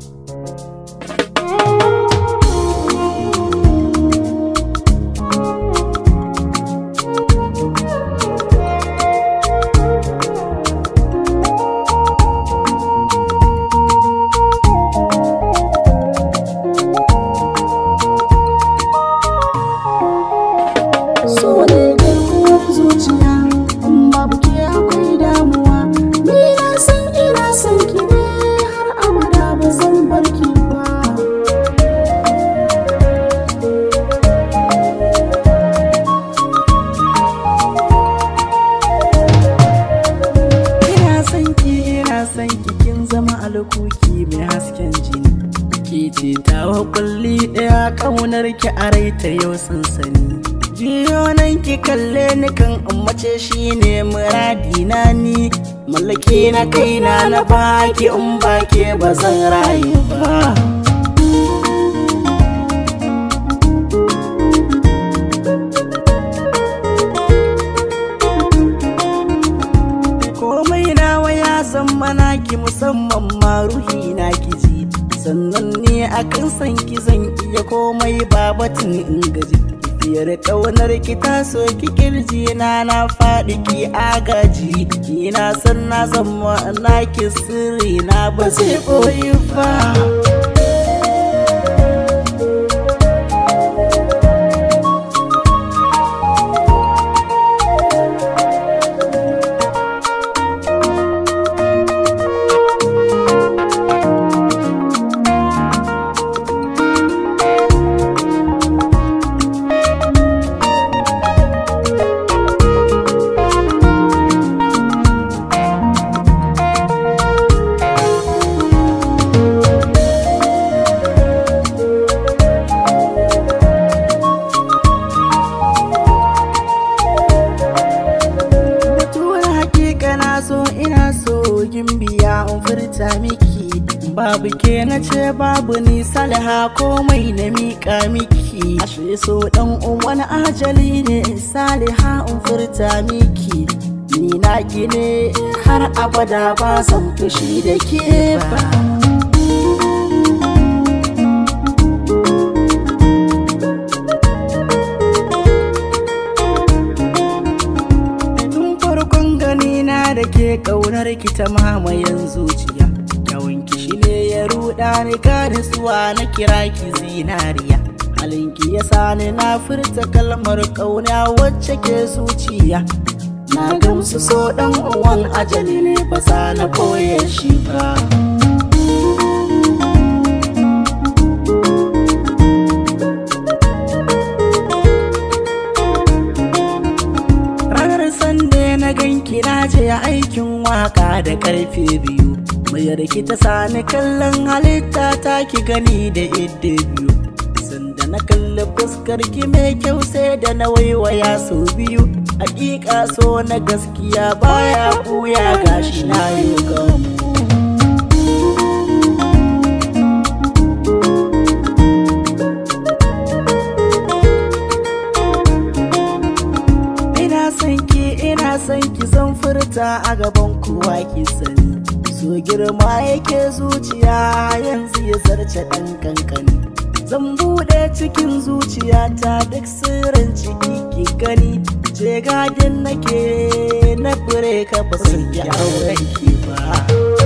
Thank you. kuki mai hasken jini ki ce ta kulli ɗaya ƙaunar ki a raita yau sansani jiyonan ki kalle ni kan ummace shi ne muradi na ni mallake na kaina na baki in bake ba zan rayu ba manaki musamman ma ruhi na kiji sannan ne akan san ki zan iya komai babatin in gaji biyar ƙaunar ki ta so ki kirji na na faɗi ki agaji ki na san na zama na ki sirri na ba zai koyi ba dogin biya furta miki babu ke na ce babu ni salha komai na miƙa miki ashe so dan wani ajali ne saliha in furta miki ni na gine har abada ba zan fushi da ke ba da ke ƙaunar ki ta mamayen zuciya yawan shi ne ya ruɗa ni ka suwa na kira ki zinariya halinki ya sani na furta kalmar ƙauna wacce ke zuciya na gamsu so ɗan uwan ajali ne ba na koye shi ba ya aikin waka da karfe biyu mayar ki ta sani kallon halitta ta ki gani da idda biyu sanda na kalli fuskar ki mai kyau sai da na waiwaya sau biyu hakika so na gaskiya baya buya gashi na yi Sanki ina san ki zan furta a gaban kowa ki sani so girma yake zuciya yanzu ya zarce ɗan kankani zan buɗe cikin zuciyata duk sirrin ciki ki gani je gadin nake na fure ka ba san ki auren ki ba